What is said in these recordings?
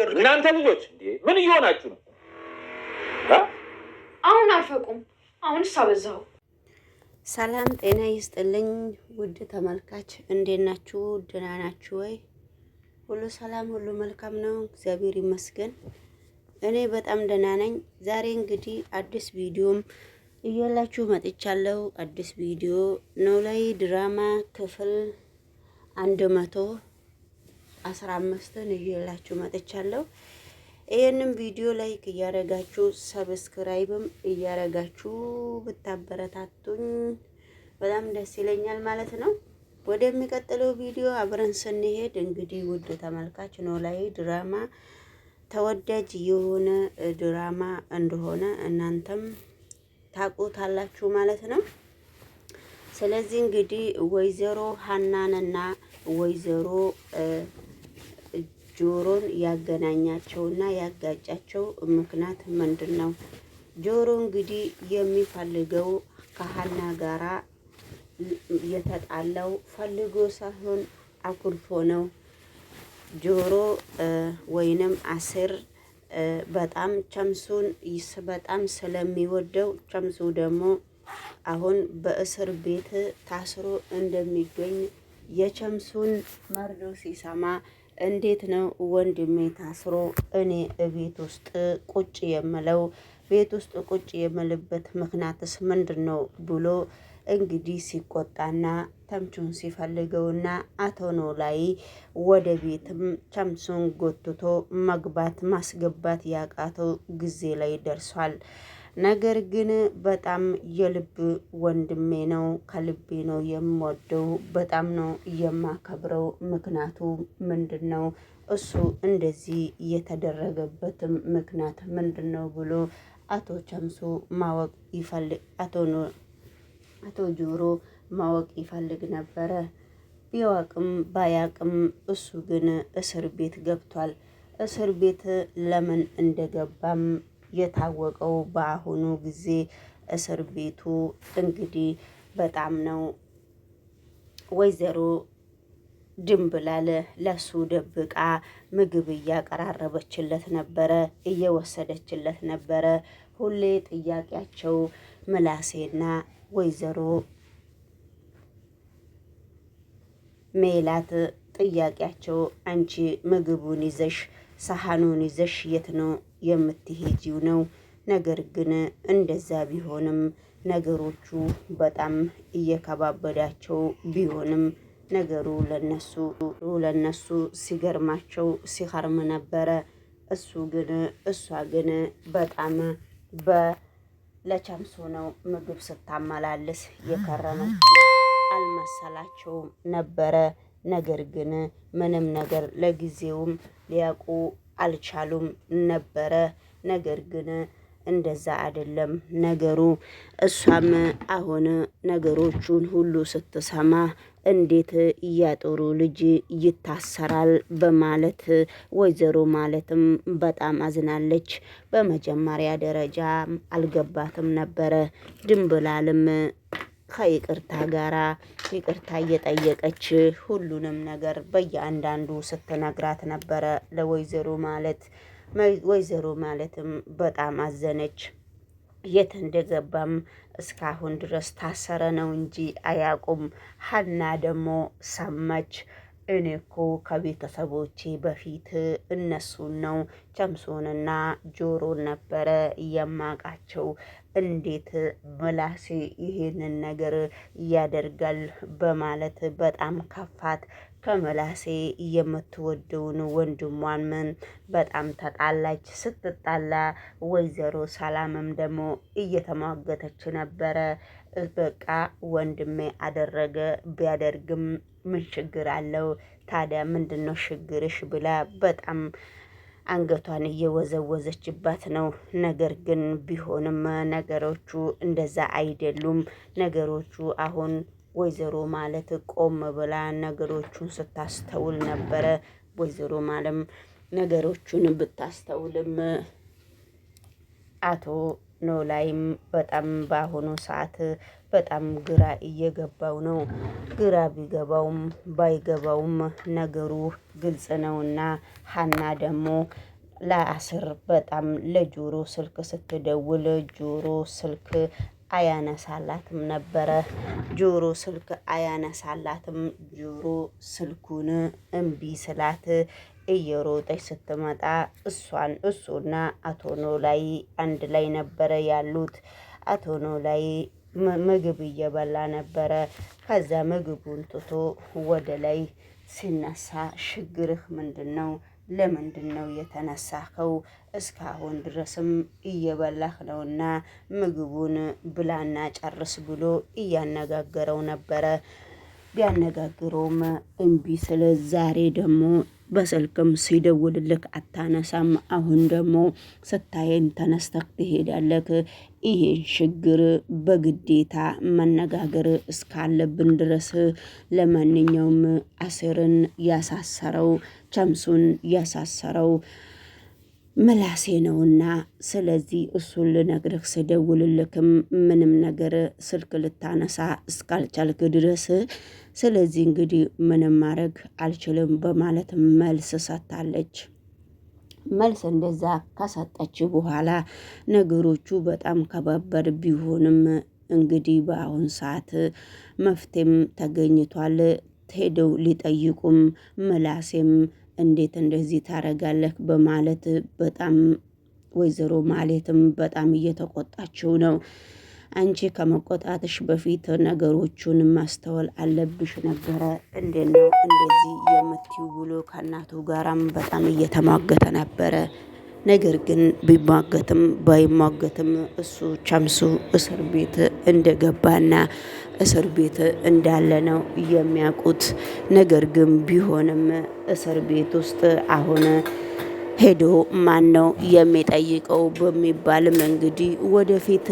ወገን እናንተ ልጆች ምን እየሆናችሁ ነው? አሁን አልፈቁም። አሁን ሳበዛው። ሰላም ጤና ይስጥልኝ ውድ ተመልካች፣ እንዴት ናችሁ? ደህና ናችሁ ወይ? ሁሉ ሰላም፣ ሁሉ መልካም ነው፣ እግዚአብሔር ይመስገን። እኔ በጣም ደህና ነኝ። ዛሬ እንግዲህ አዲስ ቪዲዮም እያላችሁ መጥቻለሁ። አዲስ ቪዲዮ ኖላዊ ድራማ ክፍል አንድ መቶ አስራ አምስትን ይዤላችሁ መጥቻለሁ። ይህንም ቪዲዮ ላይክ እያረጋችሁ ሰብስክራይብም እያረጋችሁ ብታበረታቱኝ በጣም ደስ ይለኛል ማለት ነው። ወደሚቀጥለው ቪዲዮ አብረን ስንሄድ እንግዲህ ውድ ተመልካች ኖላዊ ድራማ ተወዳጅ የሆነ ድራማ እንደሆነ እናንተም ታውቁታላችሁ ማለት ነው። ስለዚህ እንግዲህ ወይዘሮ ሀናንና ወይዘሮ ጆሮን ያገናኛቸውና ያጋጫቸው ምክንያት ምንድን ነው? ጆሮ እንግዲህ የሚፈልገው ከሀና ጋራ የተጣላው ፈልጎ ሳይሆን አኩርፎ ነው። ጆሮ ወይንም አስር በጣም ቸምሱን በጣም ስለሚወደው ቸምሱ ደግሞ አሁን በእስር ቤት ታስሮ እንደሚገኝ የቸምሱን መርዶ ሲሰማ እንዴት ነው ወንድሜ ታስሮ እኔ ቤት ውስጥ ቁጭ የምለው? ቤት ውስጥ ቁጭ የምልበት ምክንያትስ ምንድን ነው? ብሎ እንግዲህ ሲቆጣና ተምቹን ሲፈልገውና አቶ ኖላዊ ወደ ቤትም ተምቹን ጎትቶ መግባት ማስገባት ያቃተው ጊዜ ላይ ደርሷል። ነገር ግን በጣም የልብ ወንድሜ ነው። ከልቤ ነው የምወደው፣ በጣም ነው የማከብረው። ምክንያቱ ምንድን ነው? እሱ እንደዚህ የተደረገበትም ምክንያት ምንድን ነው ብሎ አቶ ቸምሱ ማወቅ ይፈልግ አቶ ጆሮ ማወቅ ይፈልግ ነበረ። ቢያውቅም ባያውቅም እሱ ግን እስር ቤት ገብቷል። እስር ቤት ለምን እንደገባም የታወቀው በአሁኑ ጊዜ እስር ቤቱ እንግዲህ በጣም ነው። ወይዘሮ ድንብላል ለሱ ደብቃ ምግብ እያቀራረበችለት ነበረ፣ እየወሰደችለት ነበረ። ሁሌ ጥያቄያቸው ምላሴና ወይዘሮ ሜላት ጥያቄያቸው አንቺ ምግቡን ይዘሽ ሰሃኑን ይዘሽ የት ነው የምትሄጂው ነው። ነገር ግን እንደዛ ቢሆንም ነገሮቹ በጣም እየከባበዳቸው ቢሆንም ነገሩ ለነሱ ለነሱ ሲገርማቸው ሲከርም ነበረ። እሱ ግን እሷ ግን በጣም በለቻምሶ ነው ምግብ ስታመላልስ የከረመች አልመሰላቸውም ነበረ። ነገር ግን ምንም ነገር ለጊዜውም ሊያውቁ አልቻሉም ነበረ። ነገር ግን እንደዛ አይደለም ነገሩ። እሷም አሁን ነገሮቹን ሁሉ ስትሰማ እንዴት እያጦሩ ልጅ ይታሰራል በማለት ወይዘሮ ማለትም በጣም አዝናለች። በመጀመሪያ ደረጃ አልገባትም ነበረ ድንብላልም ከይቅርታ ጋራ ይቅርታ እየጠየቀች ሁሉንም ነገር በየአንዳንዱ ስትነግራት ነበረ ለወይዘሮ ማለት። ወይዘሮ ማለትም በጣም አዘነች። የት እንደገባም እስካሁን ድረስ ታሰረ ነው እንጂ አያውቁም። ሀና ደግሞ ሰማች። እኔ እኮ ከቤተሰቦቼ በፊት እነሱን ነው ቸምሶንና ጆሮን ነበረ እየማቃቸው እንዴት ምላሴ ይሄንን ነገር ያደርጋል በማለት በጣም ከፋት። ከምላሴ የምትወደውን ወንድሟን በጣም ተጣላች። ስትጣላ ወይዘሮ ሰላምም ደግሞ እየተሟገተች ነበረ። በቃ ወንድሜ አደረገ ቢያደርግም ምን ችግር አለው ታዲያ ምንድን ነው ችግርሽ? ብላ በጣም አንገቷን እየወዘወዘችባት ነው። ነገር ግን ቢሆንም ነገሮቹ እንደዛ አይደሉም። ነገሮቹ አሁን ወይዘሮ ማለት ቆም ብላ ነገሮቹን ስታስተውል ነበረ። ወይዘሮ ማለም ነገሮቹን ብታስተውልም አቶ ነው ላይም በጣም በአሁኑ ሰዓት በጣም ግራ እየገባው ነው። ግራ ቢገባውም ባይገባውም ነገሩ ግልጽ ነውና ሀና ደግሞ ለአስር በጣም ለጆሮ ስልክ ስትደውል ጆሮ ስልክ አያነሳላትም ነበረ። ጆሮ ስልክ አያነሳላትም። ጆሮ ስልኩን እምቢ ስላት እየሮጠች ስትመጣ እሷን እሱና አቶ ኖላዊ አንድ ላይ ነበረ ያሉት። አቶ ኖላዊ ምግብ እየበላ ነበረ። ከዛ ምግቡን ትቶ ወደ ላይ ሲነሳ ችግርህ ምንድን ነው? ለምንድን ነው የተነሳኸው? እስካሁን ድረስም እየበላህ ነውና ምግቡን ብላና ጨርስ ብሎ እያነጋገረው ነበረ። ቢያነጋግረውም እምቢ ስለ ዛሬ ደግሞ በስልክም ሲደውልልክ አታነሳም። አሁን ደግሞ ስታየን ተነስተክ ትሄዳለክ። ይሄን ችግር በግዴታ መነጋገር እስካለብን ድረስ ለማንኛውም አሴርን ያሳሰረው ቸምሱን ያሳሰረው ምላሴ ነውና፣ ስለዚህ እሱን ልነግርህ ስደውልልክም ምንም ነገር ስልክ ልታነሳ እስካልቻልክ ድረስ ስለዚህ እንግዲህ ምንም ማድረግ አልችልም በማለት መልስ ሰጥታለች። መልስ እንደዛ ከሰጠች በኋላ ነገሮቹ በጣም ከባበር ቢሆንም እንግዲህ በአሁን ሰዓት መፍትሄም ተገኝቷል። ሄደው ሊጠይቁም ምላሴም እንዴት እንደዚህ ታረጋለህ? በማለት በጣም ወይዘሮ ማሌትም በጣም እየተቆጣችው ነው። አንቺ ከመቆጣትሽ በፊት ነገሮቹን ማስተዋል አለብሽ ነበረ። እንዴት ነው እንደዚህ የምትዩ ብሎ ከእናቱ ጋራም በጣም እየተሟገተ ነበረ። ነገር ግን ቢሟገትም ባይሟገትም እሱ ቸምሱ እስር ቤት እንደገባና እስር ቤት እንዳለ ነው የሚያውቁት። ነገር ግን ቢሆንም እስር ቤት ውስጥ አሁን ሄዶ ማን ነው የሚጠይቀው በሚባልም እንግዲህ ወደፊት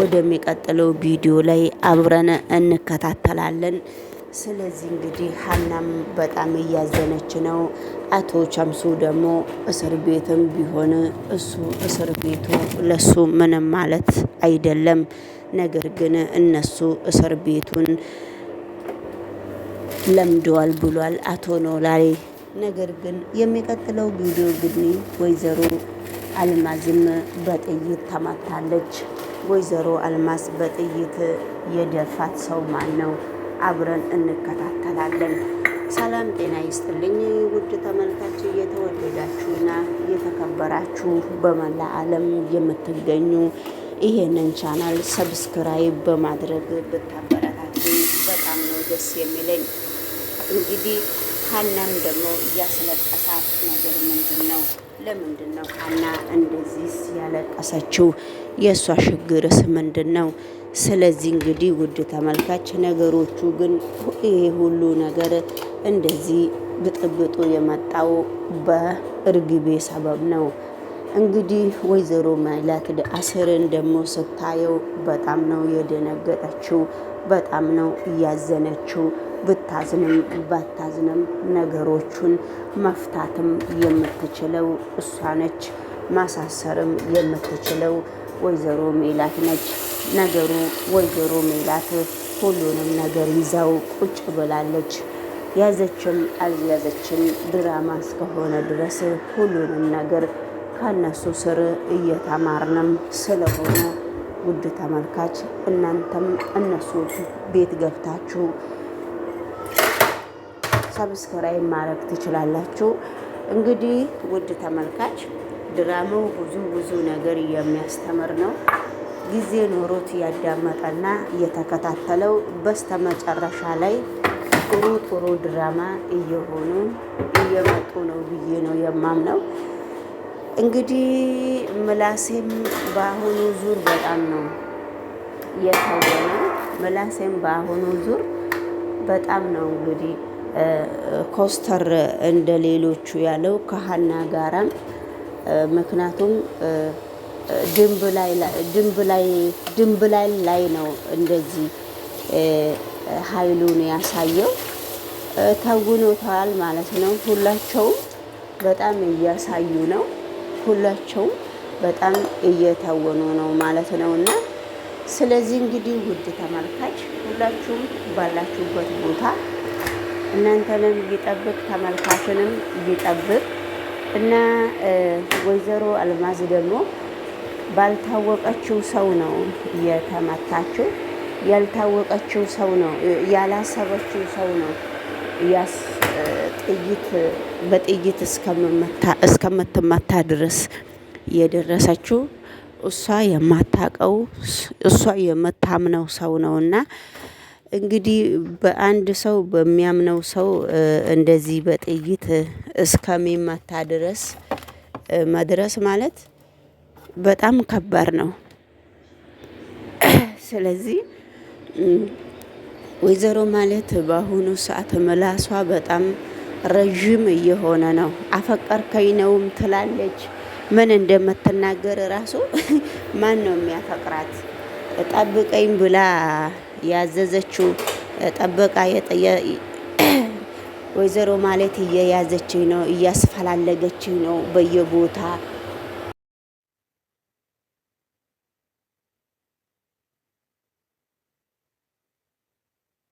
ወደሚቀጥለው ቪዲዮ ላይ አብረን እንከታተላለን። ስለዚህ እንግዲህ ሀናም በጣም እያዘነች ነው። አቶ ቻምሱ ደግሞ እስር ቤትም ቢሆን እሱ እስር ቤቱ ለሱ ምንም ማለት አይደለም። ነገር ግን እነሱ እስር ቤቱን ለምደዋል ብሏል አቶ ኖላዊ። ነገር ግን የሚቀጥለው ቪዲዮ ግን ወይዘሮ አልማዝም በጥይት ተማታለች። ወይዘሮ አልማዝ በጥይት የደፋት ሰው ማን ነው? አብረን እንከታተላለን። ሰላም ጤና ይስጥልኝ ውድ ተመልካች፣ እየተወደዳችሁና እየተከበራችሁ በመላ ዓለም የምትገኙ ይሄንን ቻናል ሰብስክራይብ በማድረግ ብታበረታችሁ በጣም ነው ደስ የሚለኝ። እንግዲህ ሀናም ደግሞ እያስለቀሳት ነገር ምንድን ነው? ለምንድን ነው ሀና እንደዚህ ያለቀሰችው? የእሷ ችግርስ ምንድን ነው? ስለዚህ እንግዲህ ውድ ተመልካች ነገሮቹ ግን ይሄ ሁሉ ነገር እንደዚህ ብጥብጡ የመጣው በእርግቤ ሰበብ ነው። እንግዲህ ወይዘሮ ማይላድ አስርን ደግሞ ስታየው በጣም ነው የደነገጠችው፣ በጣም ነው እያዘነችው። ብታዝንም ባታዝንም ነገሮቹን መፍታትም የምትችለው እሷ ነች፣ ማሳሰርም የምትችለው ወይዘሮ ሜላት ነች። ነገሩ ወይዘሮ ሜላት ሁሉንም ነገር ይዛው ቁጭ ብላለች። ያዘችም አልያዘችም ድራማ እስከሆነ ድረስ ሁሉንም ነገር ከነሱ ስር እየተማርንም ስለሆነ ውድ ተመልካች እናንተም እነሱ ቤት ገብታችሁ ሰብስክራይብ ማድረግ ትችላላችሁ። እንግዲህ ውድ ተመልካች ድራማው ብዙ ብዙ ነገር የሚያስተምር ነው። ጊዜ ኖሮት ያዳመጠና እየተከታተለው በስተመጨረሻ ላይ ጥሩ ጥሩ ድራማ እየሆኑ እየመጡ ነው ብዬ ነው የማምነው። እንግዲህ ምላሴም በአሁኑ ዙር በጣም ነው የተወነው። ምላሴም በአሁኑ ዙር በጣም ነው እንግዲህ ኮስተር እንደ ሌሎቹ ያለው ከሀና ጋራም ምክንያቱም ድንብ ላይ ላይ ነው እንደዚህ ኃይሉን ያሳየው ተውኖታል ማለት ነው። ሁላቸውም በጣም እያሳዩ ነው። ሁላቸውም በጣም እየተወኑ ነው ማለት ነው እና ስለዚህ እንግዲህ ውድ ተመልካች ሁላችሁም ባላችሁበት ቦታ እናንተንም ይጠብቅ ተመልካችንም ይጠብቅ እና ወይዘሮ አልማዝ ደግሞ ባልታወቀችው ሰው ነው የተመታችው። ያልታወቀችው ሰው ነው ያላሰበችው ሰው ነው ጥይት በጥይት እስከምትመታ ድረስ የደረሰችው እሷ የማታቀው እሷ የምታምነው ሰው ነው። እና እንግዲህ በአንድ ሰው በሚያምነው ሰው እንደዚህ በጥይት እስከሚመታ ድረስ መድረስ ማለት በጣም ከባድ ነው። ስለዚህ ወይዘሮ ማለት በአሁኑ ሰዓት ምላሷ በጣም ረዥም እየሆነ ነው። አፈቀርከኝ ነውም ትላለች። ምን እንደምትናገር ራሱ ማን ነው የሚያፈቅራት? ጠብቀኝ ብላ ያዘዘችው ጠበቃ ወይዘሮ ማለት እየያዘችኝ ነው፣ እያስፈላለገችኝ ነው በየቦታ